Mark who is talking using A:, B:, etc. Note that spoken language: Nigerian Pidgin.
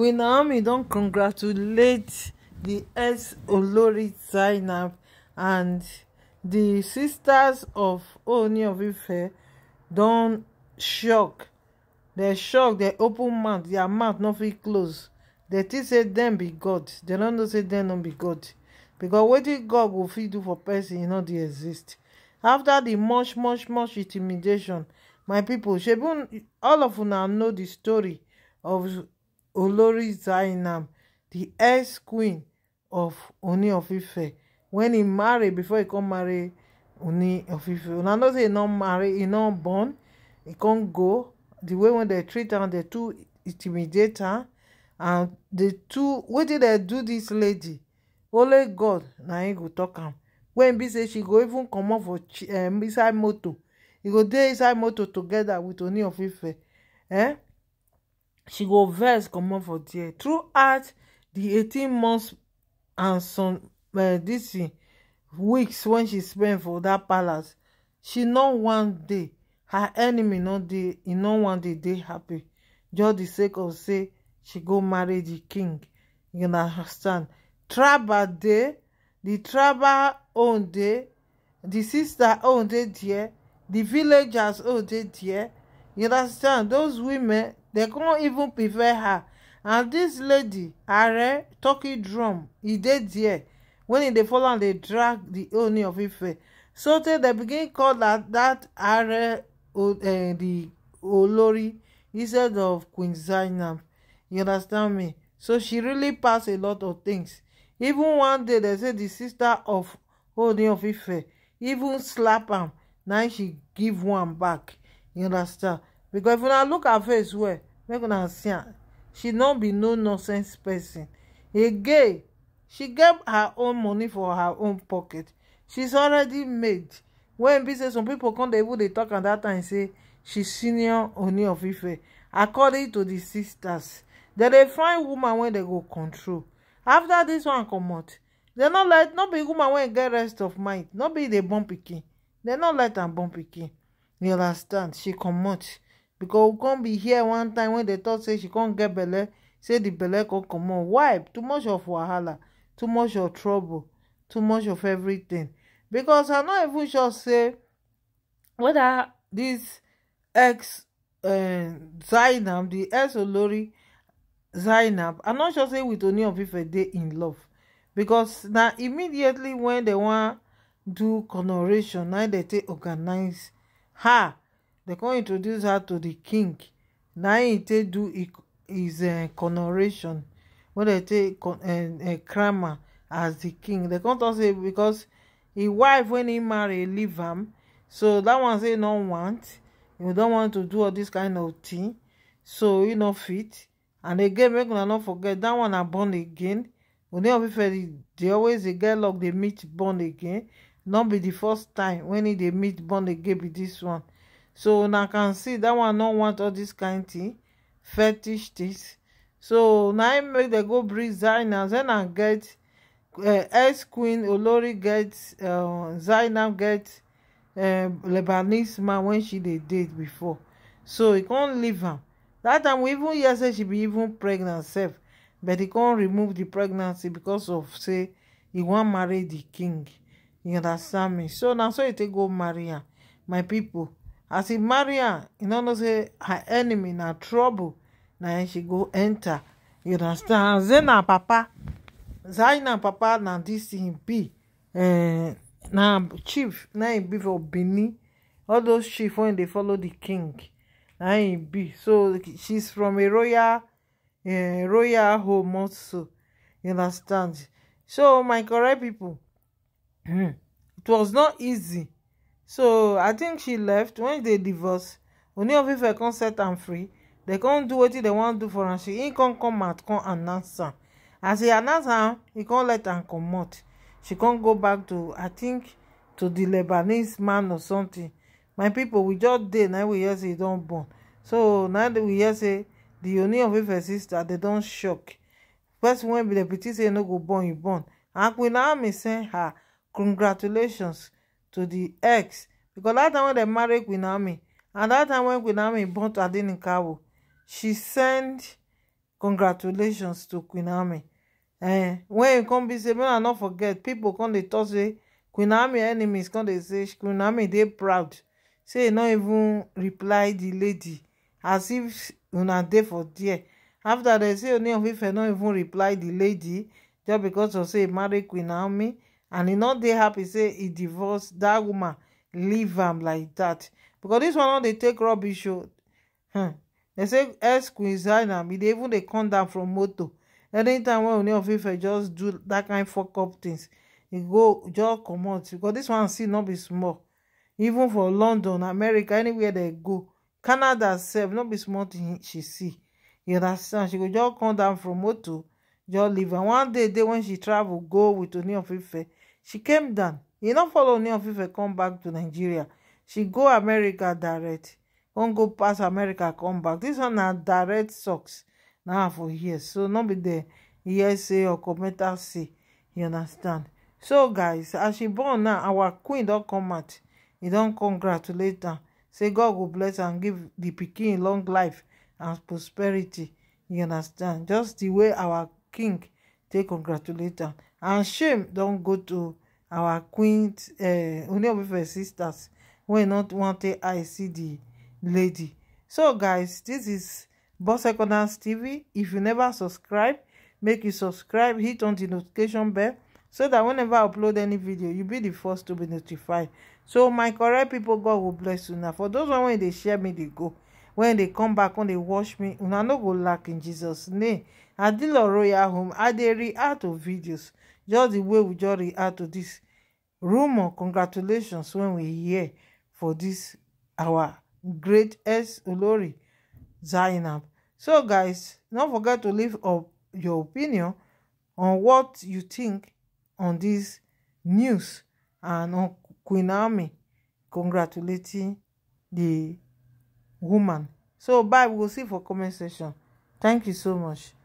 A: queen naomi don congratulate the ex olori zainab and the sisters of ooni of ife don shock dem shock dem open mouth Their mouth no fit close dem think say dem be god dem no know say dem no be god becos wetin god go fit do for person e no dey exist After the much much much intimidation my people, shebi all of una know the story of olori Zainam, the ex queen of oni of When he e marry before he come marry oni of ife una know say e no marry he no born He can't go The way when they treat her, they too intimidate her, and the two What did they do this lady only god na im go talk him. When be say she go even come comot for inside eh, motor he go there inside motor together with oni of eh she go vex comot for there throughout the 18 months and some dis eh, weeks when she spend for that palace she no one day her enemy no one day dey happy just the sake of say she go marry the king you understand tribal dey the tribal own dey the sister own dey there the villagers own dey there you understand those women they can't even prefer her and this lady are talking drum He dey here when they fall follow am dey drag di Ooni of Ife so they dem begin call that that are eh, the olori instead of Queen Zainab you understand me so she really pass a lot of things even one day they say the sister of Ooni of Ife even slap him. Now she give one back you understand because if una look her face well make una see am she no be no nonsense person again she get her own money for her own pocket she's already made When be say some pipo come dey even dey talk am that time say she senior oni of ife according to the sisters dem dey find woman wey dem go control After this one comot dem no be woman wey get rest of mind no be dey born pikin dem no let am born pikin you understand she come comot because we con be here one time when they thought say she can't get belle say di belle come comot why too much of wahala too much of trouble too much of everything because i not even sure say whether this ex eh, zainab the ex olori zainab i not sure say with oni of ife dey in love because now immediately wen dem wan do coronation now they take organise her dem come introduce her to the king na im take do his eh, coronation wey dem take crown eh, eh, am as the king dem come tok say because im wife wen im marry leave am so that one say no want He don want to do all dis kind of thing. so he no fit and again make una no forget That one na born again oni of ife dey always dey get luck dey meet born again no be the first time when e dey meet born again be this one so una can see that one no want all this kain tin fetish tins so na im make dem go bring zainab zainab get eh, ex queen olori get eh, zainab get eh, lebanese man when she dey date before so he con leave am That time we even hear say she be even pregnant sef but he con remove the pregnancy because of say he wan marry the king you understand me so now so you take go marry am my people. as e marry you e no know say her enemy na trouble now she go enter you understand zena papa zaina papa na this thing be eh na chief now im e be for benin all those chief when they follow the king now im e be so she's from a royal eh, royal home also you understand so my correct people. Hmm. it was not easy so i think she left when they divorce oni of ife come set am free dem come do wetin dem wan do for am she im come come out come announce am as e announce am e come let am comot she come go back to i think to the lebanese man or something my people, we just dey na we hear say e don born so na we hear say the oni of ife sister dey don shock person wey be dem pity say e no go born He born and queen naomi send her congratulations to the ex because that time when they married queen and that time when queen born to adenikawo she send congratulations to queen naomi eh wen come be say make i not forget people come dey tok say queen naomi enemies come dey say queen they proud say e even reply the lady as if una dey for dear. After dem say only of ife not even reply the lady just because of say e marry queen naomi and e not dey happy say he divorce that woman leave am like that. Because this one no dey take rubbish o hmm dem say ex queen zainab e dey even dey come down from motor anytime wey oni of ife just do that kind fuck up things, e go just comot Because this one see no be small even for london america anywhere dem go canada sef no be small tin she see you understand she go just come down from motor just leave her. one day day when she travel go with oni of ife she came down e not follow oni of ife come back to nigeria she go america direct come go pass america come back This one na direct socks Now for here so not be the hear or commenter say you understand so guys as she born now our queen don't come out don't congratulate her. say god will bless and give the pikin long life and prosperity you understand just the way our king take congratulate am and shame don go to our queen Ooni eh, of sisters wey not wan take eye see the lady so guys this is Bose Corners TV if you never subscribe make you subscribe hit on the notification bell so that whenever I upload any video you be the first to be notified so my correct people God will bless you now. for those one wey dey share me dey go when they come back come they watch me una no go lack in Jesus name adilo royal home i they react to videos just the way we just react to this rumor? congratulations when we hear for this our great S olori zainab so guys don't forget to leave up your opinion on what you think on this news and on queen Army. congratulating the woman so bye we go see for comment section thank you so much